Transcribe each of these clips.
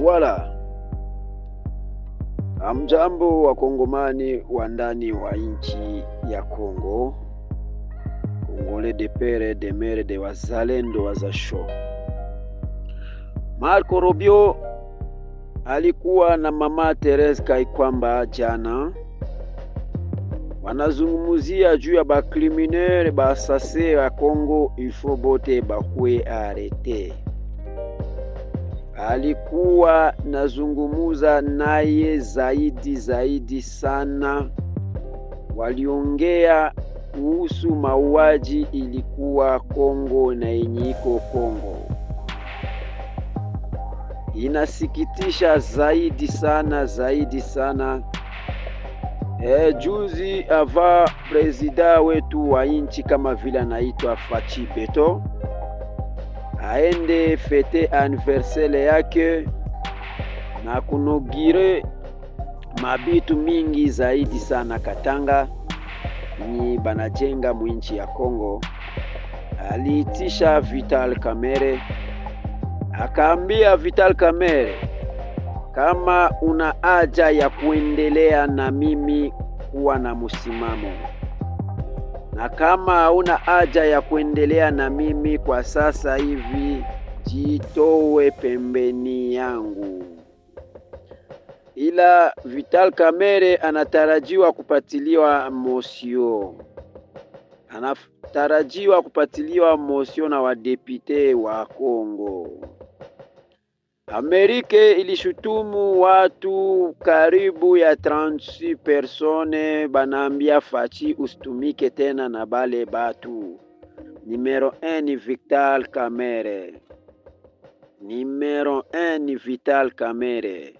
Voilà. amjambo wakongomani wa ndani wa nchi ya Kongo, Kongole de pere de mere de wazalendo wazasho. Marco Rubio alikuwa na mama Therese Kaikwamba jana, wanazungumuzia juu ya bakriminere basase ya Kongo, ifo bote bakwe arete alikuwa nazungumuza naye zaidi zaidi sana. Waliongea kuhusu mauaji ilikuwa Kongo na yenye iko Kongo. Inasikitisha zaidi sana zaidi sana. E, juzi ava presida wetu wa nchi kama vile anaitwa Fachi Beto aende fete aniversele yake na kunugire mabitu mingi zaidi sana. Katanga ni banajenga mwinchi ya Kongo. Aliitisha Vital Kamerhe akaambia Vital Kamerhe, kama una haja ya kuendelea na mimi, kuwa na msimamo na kama hauna haja ya kuendelea na mimi kwa sasa hivi, jitowe pembeni yangu. Ila Vital Kamerhe anatarajiwa kupatiliwa mosio, anatarajiwa kupatiliwa mosio na wadepute wa Kongo. Amerika ilishutumu watu karibu ya 36 persone banaambia fachi usitumike tena na bale batu. Numero 1 ni Vital Kamerhe, numero 1 ni Vital Kamerhe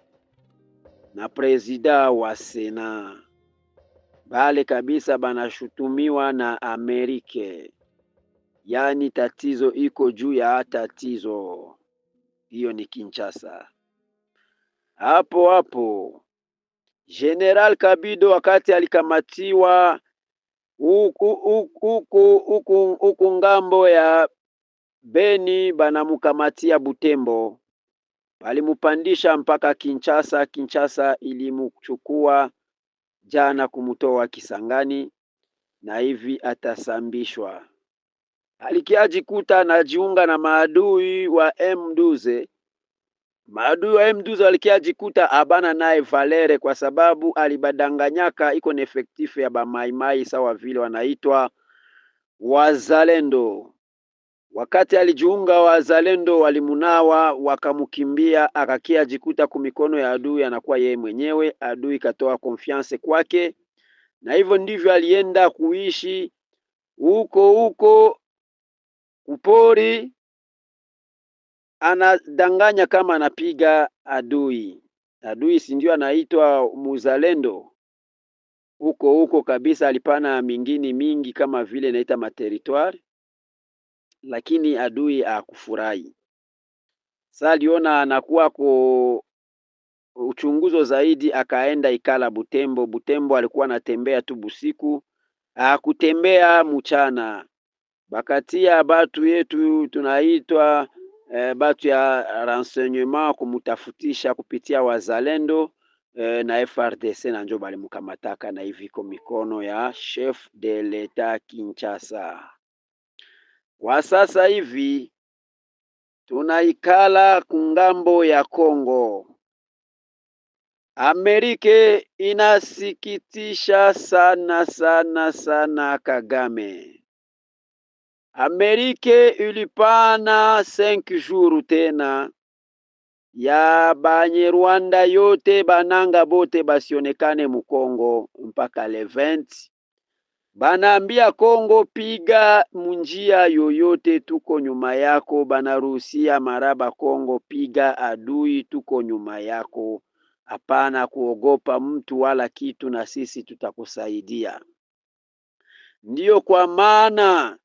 na prezida wa Sena bale kabisa banashutumiwa na Amerika, yaani tatizo iko juu ya tatizo hiyo ni Kinshasa. Hapo hapo General Kabido wakati alikamatiwa huku huku huku huku ngambo ya Beni banamukamatia Butembo, balimupandisha mpaka Kinshasa. Kinshasa ilimchukua jana kumutoa Kisangani, na hivi atasambishwa alikiajikuta anajiunga na maadui wa Mduze. Maadui wa Mduze walikiajikuta abana naye Valere kwa sababu alibadanganyaka iko ni efektifu ya bamaimai sawa vile wanaitwa wazalendo. Wakati alijiunga wazalendo, walimunawa wakamkimbia, jikuta kumikono ya adui, anakuwa yeye mwenyewe. Adui katoa konfiance kwake, na hivyo ndivyo alienda kuishi huko huko Upori anadanganya kama anapiga adui. Adui si ndio anaitwa muzalendo? Huko huko kabisa alipana mingini mingi kama vile inaita materitoire, lakini adui akufurahi. Sasa aliona anakuwa ko uchunguzo zaidi, akaenda ikala Butembo. Butembo alikuwa anatembea tu busiku, akutembea mchana bakatia batu yetu tunaitwa e, batu ya renseignement kumutafutisha kupitia wazalendo e, na FRDC na njo balimukamataka na iviko mikono ya chef de l'etat Kinshasa. Kwa sasa hivi tunaikala kungambo ya Kongo. Amerika inasikitisha sana sana sana Kagame. Amerike ilipana 5 juru tena ya Banyerwanda yote bananga bote basionekane mukongo mpaka le 20. Banaambia Kongo, piga munjia yoyote, tuko nyuma yako. Banaruhusia maraba Kongo, piga adui, tuko nyuma yako. Hapana kuogopa mtu wala kitu, na sisi tutakusaidia. Ndiyo kwa maana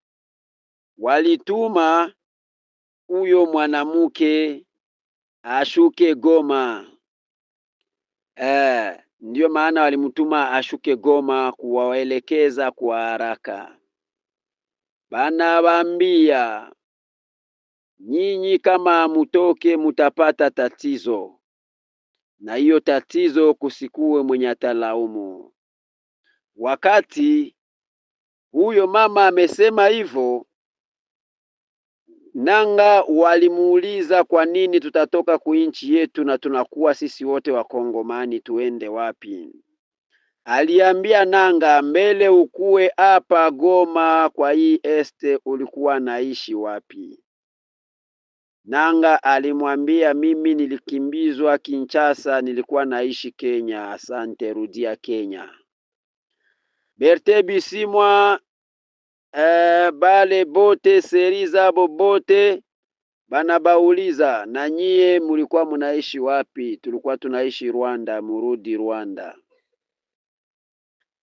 walituma huyo mwanamke ashuke Goma. Eh, ndiyo maana walimtuma ashuke Goma kuwaelekeza kwa haraka. Bana nyinyi, kama mutoke mutapata tatizo, na hiyo tatizo kusikue mwenye atalaumu. Wakati huyo mama amesema hivyo, Nanga walimuuliza kwa nini tutatoka kuinchi yetu na tunakuwa sisi wote Wakongomani tuende wapi? Aliambia Nanga, mbele ukuwe hapa Goma kwa hii este, ulikuwa naishi wapi? Nanga alimwambia mimi nilikimbizwa Kinshasa, nilikuwa naishi Kenya. Asante, rudia Kenya. Berte Bisimwa eh, bale bote seri zabo bote banabauliza na nyie mulikuwa munaishi wapi? Tulikuwa tunaishi Rwanda, murudi Rwanda.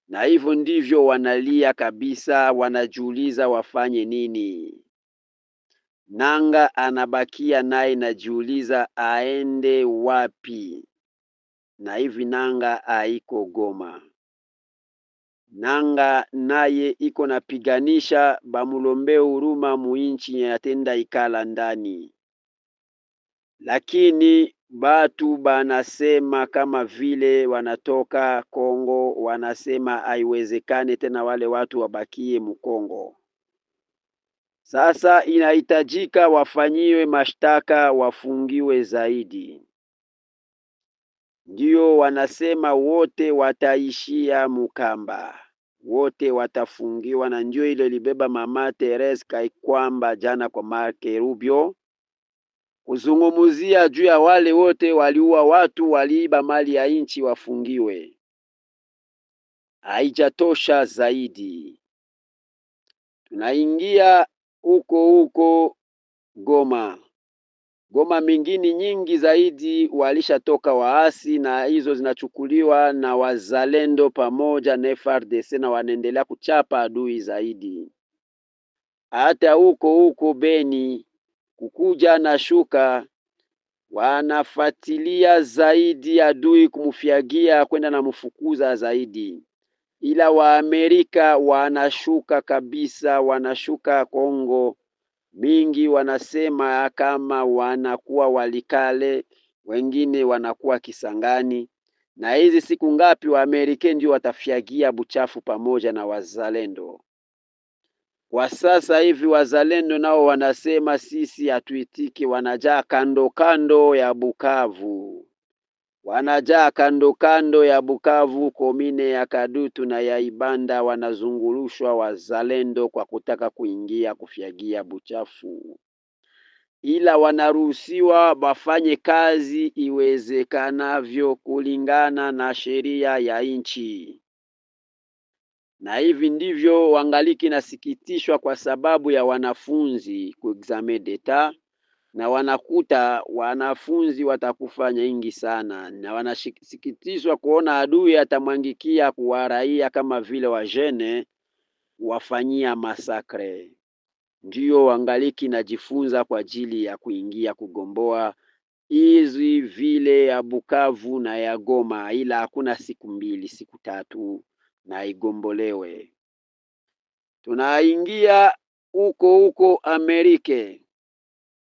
Na hivyo ndivyo wanalia kabisa, wanajiuliza wafanye nini. Nanga anabakia naye najiuliza aende wapi, na hivi Nanga aiko Goma. Nanga naye iko napiganisha bamulombe huruma muinchi yatenda ikala ndani, lakini batu banasema kama vile wanatoka Kongo, wanasema haiwezekane tena wale watu wabakie Mukongo. Sasa inahitajika wafanyiwe mashtaka, wafungiwe zaidi ndio wanasema wote wataishia Mukamba, wote watafungiwa, na ndio ile libeba mama Teresa Kaikwamba jana kwa Marke Rubio kuzungumzia juu ya wale wote waliua watu, waliiba mali ya nchi wafungiwe. Haijatosha zaidi, tunaingia huko huko Goma Goma mingine nyingi zaidi walishatoka waasi, na hizo zinachukuliwa na wazalendo pamoja na frdc na wanaendelea kuchapa adui zaidi. Hata huko huko Beni kukuja na shuka wanafatilia zaidi adui kumfyagia kwenda na mfukuza zaidi, ila Waamerika wanashuka kabisa, wanashuka Kongo Mingi wanasema kama wanakuwa Walikale, wengine wanakuwa Kisangani, na hizi siku ngapi Waamerika ndio watafyagia buchafu pamoja na wazalendo. Kwa sasa hivi wazalendo nao wanasema sisi hatuitiki, wanajaa kando kando ya Bukavu. Wanajaa kando kando ya Bukavu, komine ya Kadutu na ya Ibanda, wanazungurushwa wazalendo kwa kutaka kuingia kufyagia buchafu, ila wanaruhusiwa wafanye kazi iwezekanavyo kulingana na sheria ya nchi. Na hivi ndivyo wangaliki nasikitishwa kwa sababu ya wanafunzi ku d'etat na wanakuta wanafunzi watakufanya nyingi sana, na wanasikitizwa kuona adui atamwangikia kuwaraia kama vile wajene wafanyia masakre. Ndiyo wangaliki najifunza kwa ajili ya kuingia kugomboa hizi vile ya Bukavu na ya Goma, ila hakuna siku mbili siku tatu na igombolewe. Tunaingia huko huko Amerike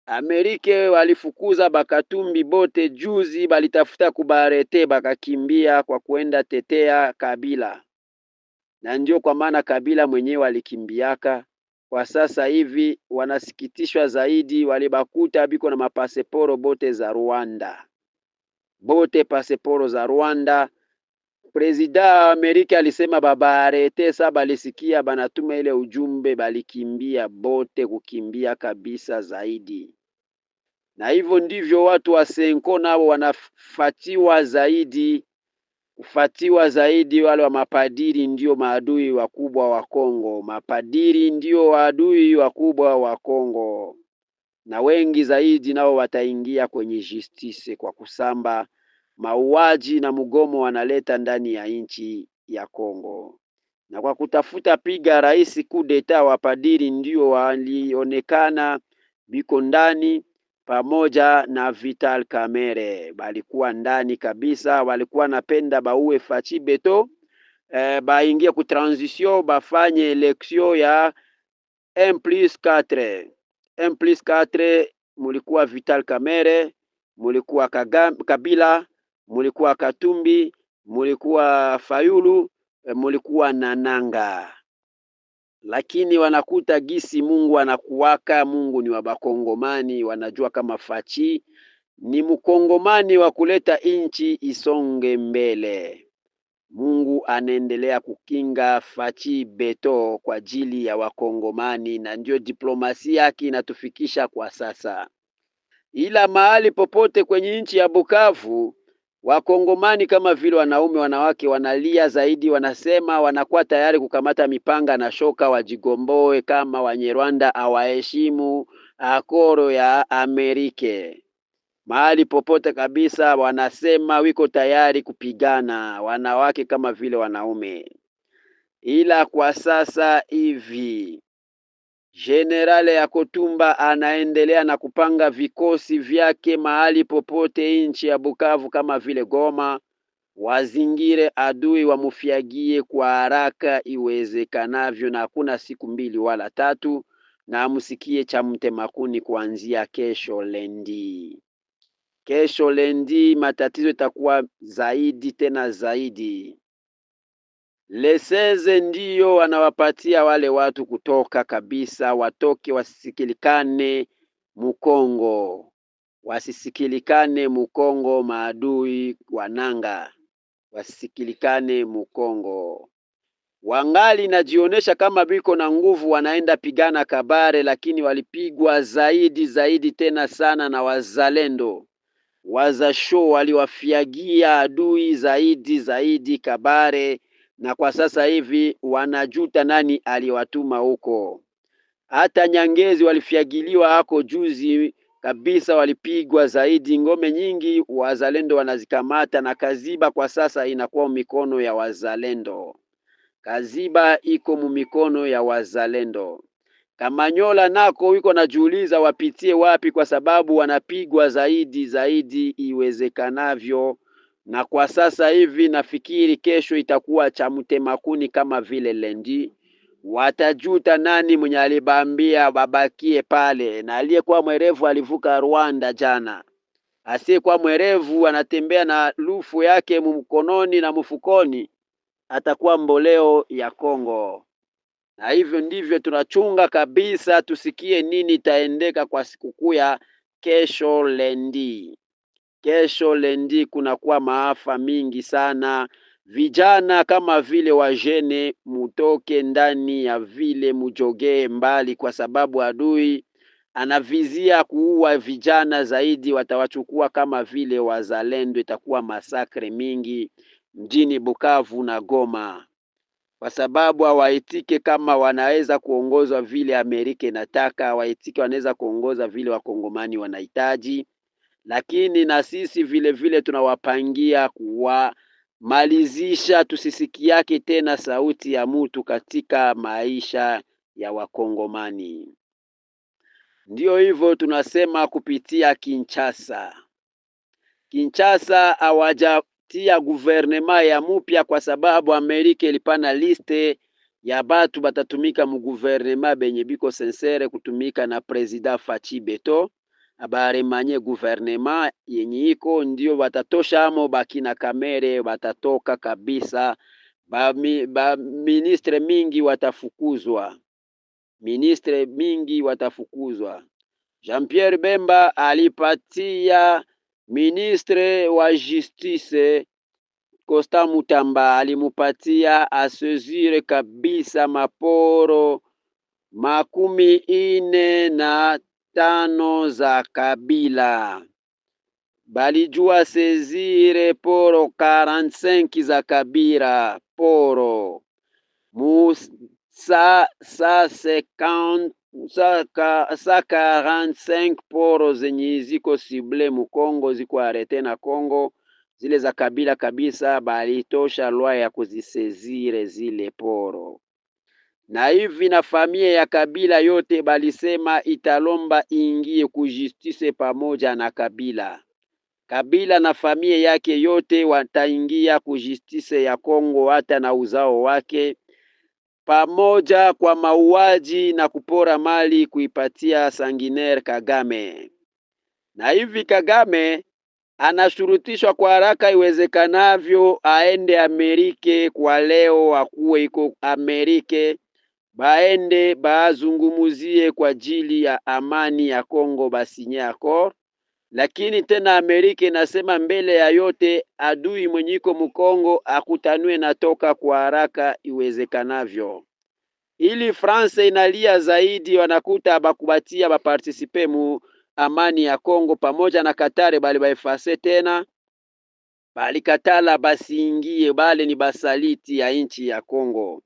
Amerike walifukuza Bakatumbi bote juzi, balitafuta kubarete bakakimbia kwa kuenda tetea Kabila, na ndio kwa maana Kabila mwenyewe alikimbiaka. Kwa sasa hivi wanasikitishwa zaidi, walibakuta biko na mapaseporo bote za Rwanda, bote paseporo za Rwanda. Prezida wa Amerika alisema babarete sa balisikia banatuma ile ujumbe, balikimbia bote, kukimbia kabisa zaidi. Na hivyo ndivyo watu wa Senko nao wanafatiwa zaidi, kufatiwa zaidi. Wale wa mapadiri ndio maadui wakubwa wa Kongo, mapadiri ndio waadui wakubwa wa Kongo, na wengi zaidi nao wataingia kwenye justice kwa kusamba mauaji na mgomo wanaleta ndani ya nchi ya Kongo, na kwa kutafuta piga rais kudeta, wapadiri ndio walionekana biko ndani pamoja na Vital Kamerhe balikuwa ndani kabisa, walikuwa napenda baue fachi beto e, eh, baingie ku transition bafanye election ya M plus 4 M plus 4. Mulikuwa Vital Kamerhe, mulikuwa Kabila mulikuwa Katumbi, mulikuwa Fayulu, eh, mulikuwa Nananga, lakini wanakuta gisi Mungu anakuwaka. Mungu ni wabakongomani wanajua kama Fachi ni mkongomani wa kuleta inchi isonge mbele. Mungu anaendelea kukinga Fachi Beto kwa ajili ya Wakongomani, na ndiyo diplomasia yake inatufikisha kwa sasa. Ila mahali popote kwenye nchi ya Bukavu Wakongomani kama vile wanaume, wanawake wanalia zaidi, wanasema wanakuwa tayari kukamata mipanga na shoka wajigomboe kama Wanyarwanda awaheshimu akoro ah, ya Amerike mahali popote kabisa, wanasema wiko tayari kupigana, wanawake kama vile wanaume. Ila kwa sasa hivi Jenerali kotumba anaendelea na kupanga vikosi vyake mahali popote nchi ya Bukavu kama vile Goma, wazingire adui wamufyagie kwa haraka iwezekanavyo, na hakuna siku mbili wala tatu, na amsikie cha mtemakuni kuanzia kesho lendi. Kesho lendi matatizo itakuwa zaidi tena zaidi. Leseze ndiyo wanawapatia wale watu kutoka kabisa, watoke wasisikilikane Mukongo, wasisikilikane Mukongo, maadui wananga wasisikilikane Mukongo. Wangali najionyesha kama biko na nguvu, wanaenda pigana Kabare, lakini walipigwa zaidi zaidi tena sana na wazalendo wazasho, waliwafiagia adui zaidi zaidi Kabare na kwa sasa hivi wanajuta nani aliwatuma huko. Hata Nyangezi walifyagiliwa hako juzi kabisa, walipigwa zaidi. Ngome nyingi wazalendo wanazikamata, na Kaziba kwa sasa inakuwa mikono ya wazalendo. Kaziba iko mumikono ya wazalendo. Kamanyola nako wiko najiuliza wapitie wapi, kwa sababu wanapigwa zaidi zaidi iwezekanavyo na kwa sasa hivi nafikiri kesho itakuwa cha mtemakuni kama vile lendi. Watajuta nani mwenye alibambia babakie pale, na aliyekuwa mwerevu alivuka Rwanda jana. Asiyekuwa mwerevu anatembea na lufu yake mkononi na mfukoni, atakuwa mboleo ya Kongo. Na hivyo ndivyo tunachunga kabisa, tusikie nini itaendeka kwa sikukuu ya kesho lendi. Kesho lendi kunakuwa maafa mingi sana. Vijana kama vile wajene, mutoke ndani ya vile, mujogee mbali, kwa sababu adui anavizia kuua vijana zaidi. Watawachukua kama vile wazalendo, itakuwa masakre mingi mjini Bukavu na Goma, kwa sababu hawaitike kama wanaweza kuongozwa vile Amerika inataka, hawaitike wanaweza kuongoza vile wakongomani wanahitaji lakini na sisi vile vile tunawapangia kuwamalizisha, tusisikiake tena sauti ya mtu katika maisha ya Wakongomani. Ndiyo hivyo tunasema kupitia Kinshasa. Kinshasa hawajatia guvernema ya mupya kwa sababu Amerika ilipana liste ya batu batatumika muguvernema benye biko sensere kutumika na Presida Fachi Beto baremanye guverinema yenye iko ndio batatosha amo bakina kamere batatoka kabisa. mi, ba, mingi watafukuzwa, ministre mingi watafukuzwa. Jean Pierre Bemba alipatia ministre wa justice Costa Mutamba alimupatia asezire kabisa maporo makumi ine na tano za kabila. Balijua sezire poro 45 za kabila poro. Musa sa 50 sa 45 poro zenye ziko sible Mukongo ziko arete na Kongo zile za kabila kabisa, balitosha lwa ya kuzisezire zile poro na hivi na familia ya kabila yote balisema italomba ingie kujustice pamoja na kabila kabila na familia yake yote wataingia kujustice ya Kongo hata na uzao wake pamoja kwa mauaji na kupora mali kuipatia Sanginer Kagame. Na hivi Kagame anashurutishwa kwa haraka iwezekanavyo aende Amerike kwa leo, akuwe iko Amerike baende bazungumuzie kwa ajili ya amani ya Kongo, basinye akor. Lakini tena Amerika inasema mbele ya yote, adui mwenyiko mkongo akutanue toka kwa haraka iwezekanavyo. Ili France inalia zaidi, wanakuta bakubatia bapartisipe mu amani ya Kongo pamoja na Katare, bali baifase tena balikatala basiingie, bali ni basaliti ya nchi ya Kongo.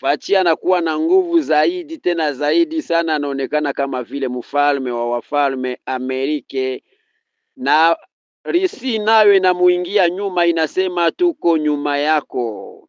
Fachi anakuwa na nguvu zaidi tena zaidi sana, anaonekana kama vile mfalme wa wafalme Amerike, na Risi nayo inamuingia nyuma, inasema tuko nyuma yako.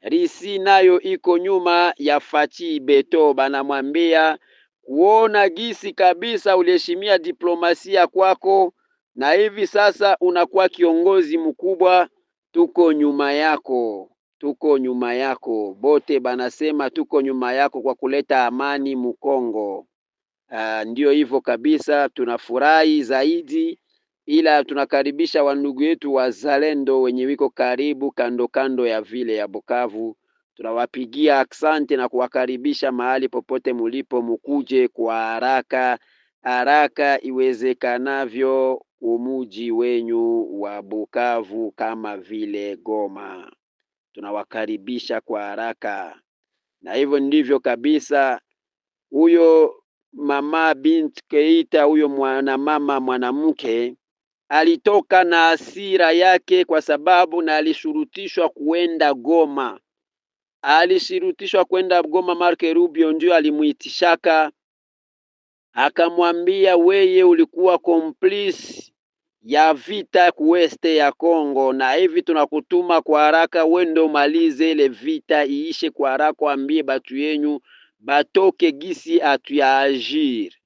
Risi nayo iko nyuma ya Fachi Betoba, anamwambia kuona gisi kabisa uliheshimia diplomasia kwako na hivi sasa unakuwa kiongozi mkubwa, tuko nyuma yako tuko nyuma yako bote, banasema tuko nyuma yako kwa kuleta amani Mukongo. Uh, ndio hivyo kabisa, tunafurahi zaidi, ila tunakaribisha wandugu yetu wazalendo wenye wiko karibu kando kando ya vile ya Bukavu. Tunawapigia aksante na kuwakaribisha mahali popote mulipo, mukuje kwa haraka haraka iwezekanavyo umuji wenyu wa Bukavu kama vile Goma tunawakaribisha kwa haraka. Na hivyo ndivyo kabisa huyo mama bint Keita, huyo mwanamama mwanamke alitoka na hasira yake, kwa sababu na alishurutishwa kuenda Goma, alishurutishwa kwenda Goma. Mark Rubio ndio alimuitishaka akamwambia, weye ulikuwa complice ya vita kuweste ya Kongo, na hivi tunakutuma kwa haraka, wendo malize ile vita iishe kwa haraka, ambie batu yenyu batoke gisi atuyaajiri.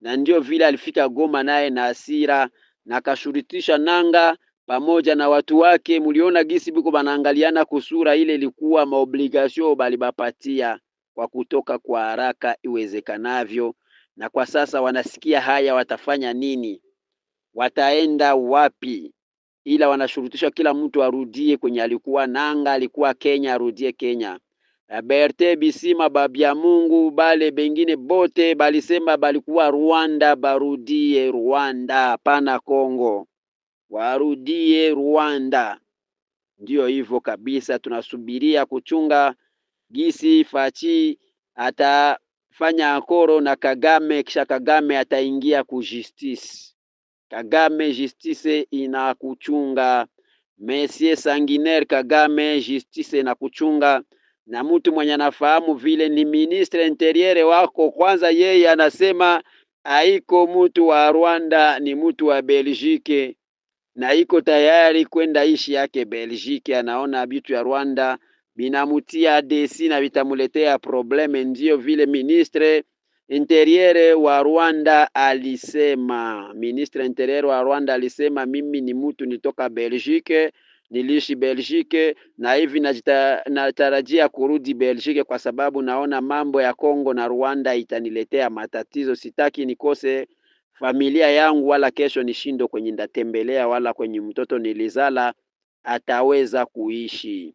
Na ndio vile alifika Goma naye na asira na kashurutisha nanga pamoja na watu wake. Muliona gisi biko banaangaliana kusura, ile ilikuwa maobligasio balibapatia kwa kutoka kwa haraka iwezekanavyo, na kwa sasa wanasikia haya watafanya nini wataenda wapi, ila wanashurutishwa kila mtu arudie kwenye alikuwa nanga, alikuwa Kenya, arudie Kenya. Berte Bisima babya Mungu bale bengine bote balisema balikuwa Rwanda, barudie Rwanda, hapana Kongo, warudie Rwanda. Ndiyo hivyo kabisa, tunasubiria kuchunga gisi Fachi atafanya akoro na Kagame, kisha Kagame ataingia ku Kagame justice inakuchunga. messie Sanguinaire Kagame justice inakuchunga, na mtu mwenye anafahamu vile ni ministre interiere wako. Kwanza yeye anasema aiko mtu wa Rwanda, ni mtu wa Belgique na iko tayari kwenda ishi yake Belgique. Anaona bitu ya Rwanda binamutia desi na vitamuletea probleme, ndio vile ministre interiere wa Rwanda alisema, ministre interiere wa Rwanda alisema, mimi ni mtu nitoka Belgique, niliishi Belgique na hivi natarajia kurudi Belgique kwa sababu naona mambo ya Kongo na Rwanda itaniletea matatizo. Sitaki nikose familia yangu, wala kesho nishindo kwenye ndatembelea, wala kwenye mtoto nilizala ataweza kuishi.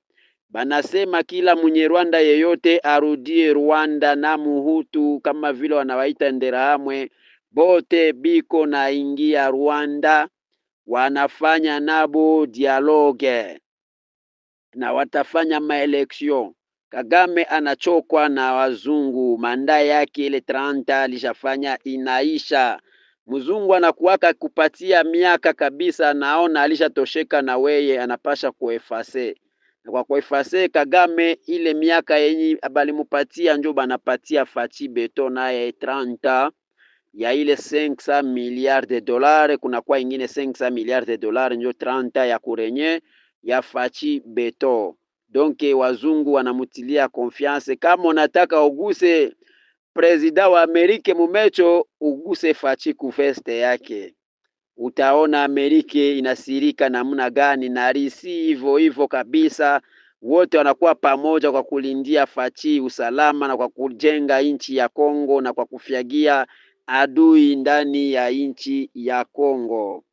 Banasema kila mwenye Rwanda yeyote arudie Rwanda na muhutu kama vile wanawaita Nderahamwe, bote biko na ingia Rwanda, wanafanya nabo dialogue na watafanya maeleksio. Kagame anachokwa na wazungu, manda yake ile 30 alishafanya inaisha. Mzungu anakuwaka kupatia miaka kabisa, naona alishatosheka na weye anapasha kuefase kwa kuefase Kagame ile miaka yenye balimupatia njo banapatia Fachi Beto naye 30 ya ile 500 miliard de dollar, kuna kwa ingine 500 miliard de dollar njo 30 ya kurenye ya Fachi Beto. Donc wazungu wanamutilia konfiance, kama unataka uguse prezida wa Amerike mumecho, uguse Fachi kuveste yake utaona Amerika inasirika namna gani, na risi hivyo hivyo kabisa, wote wanakuwa pamoja kwa kulindia Fachi usalama na kwa kujenga nchi ya Kongo na kwa kufyagia adui ndani ya nchi ya Kongo.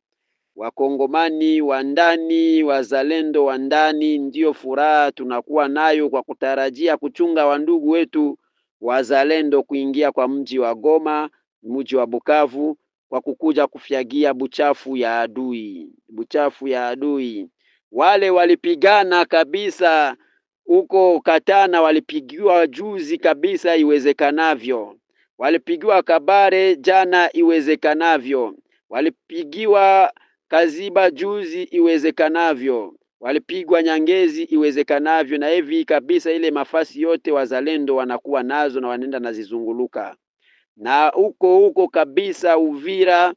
Wakongomani wa ndani, wazalendo wa ndani, ndiyo furaha tunakuwa nayo kwa kutarajia kuchunga wandugu wetu wazalendo kuingia kwa mji wa Goma, mji wa Bukavu kwa kukuja kufyagia buchafu ya adui, buchafu ya adui. Wale walipigana kabisa huko Katana, walipigiwa juzi kabisa iwezekanavyo, walipigiwa Kabare jana iwezekanavyo, walipigiwa Kaziba juzi iwezekanavyo, walipigwa Nyangezi iwezekanavyo, na hivi kabisa ile mafasi yote wazalendo wanakuwa nazo na wanaenda nazizunguluka na huko huko kabisa Uvira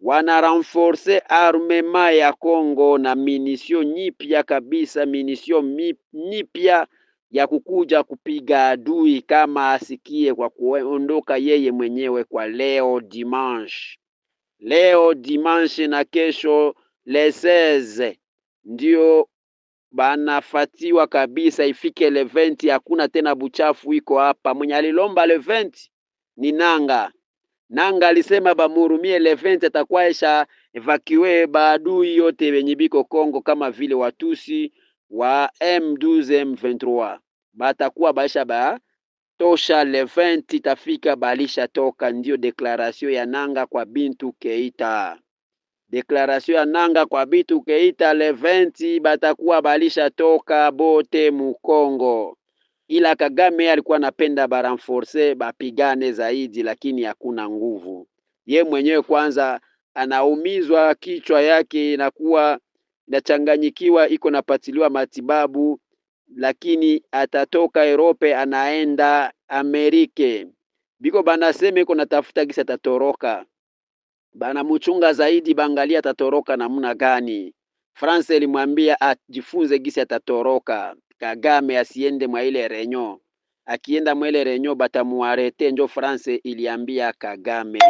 wana renforce armema ya Kongo na minisio nyipya kabisa, minisio nyipya ya kukuja kupiga adui kama asikie kwa kuondoka yeye mwenyewe kwa leo dimanche, leo dimanche na kesho le 16 ndio banafatiwa kabisa, ifike 20, Hakuna tena buchafu iko hapa, mwenye alilomba leventi ni Nanga. Nanga alisema bamurumie Leventi atakwaesha evakue baadui yote wenye biko Kongo kama vile Watusi wa M12 M23 batakuwa baisha ba tosha Leventi tafika balisha toka. Ndiyo deklaration ya Nanga kwa Bintu Keita, deklaration ya Nanga kwa Bintu Keita. Leventi batakuwa balisha toka bote mu Kongo ila Kagame alikuwa anapenda baranforce bapigane zaidi, lakini hakuna nguvu. Ye mwenyewe kwanza anaumizwa kichwa yake inakuwa inachanganyikiwa, iko napatiliwa matibabu, lakini atatoka Europe anaenda Amerike, biko banaseme iko natafuta gisa atatoroka, banamuchunga zaidi, bangalia atatoroka namna gani. France ilimwambia ajifunze gisi atatoroka. Kagame asiende mwa ile renyo, akienda mwa ile renyo batamuarete. Njo France iliambia Kagame.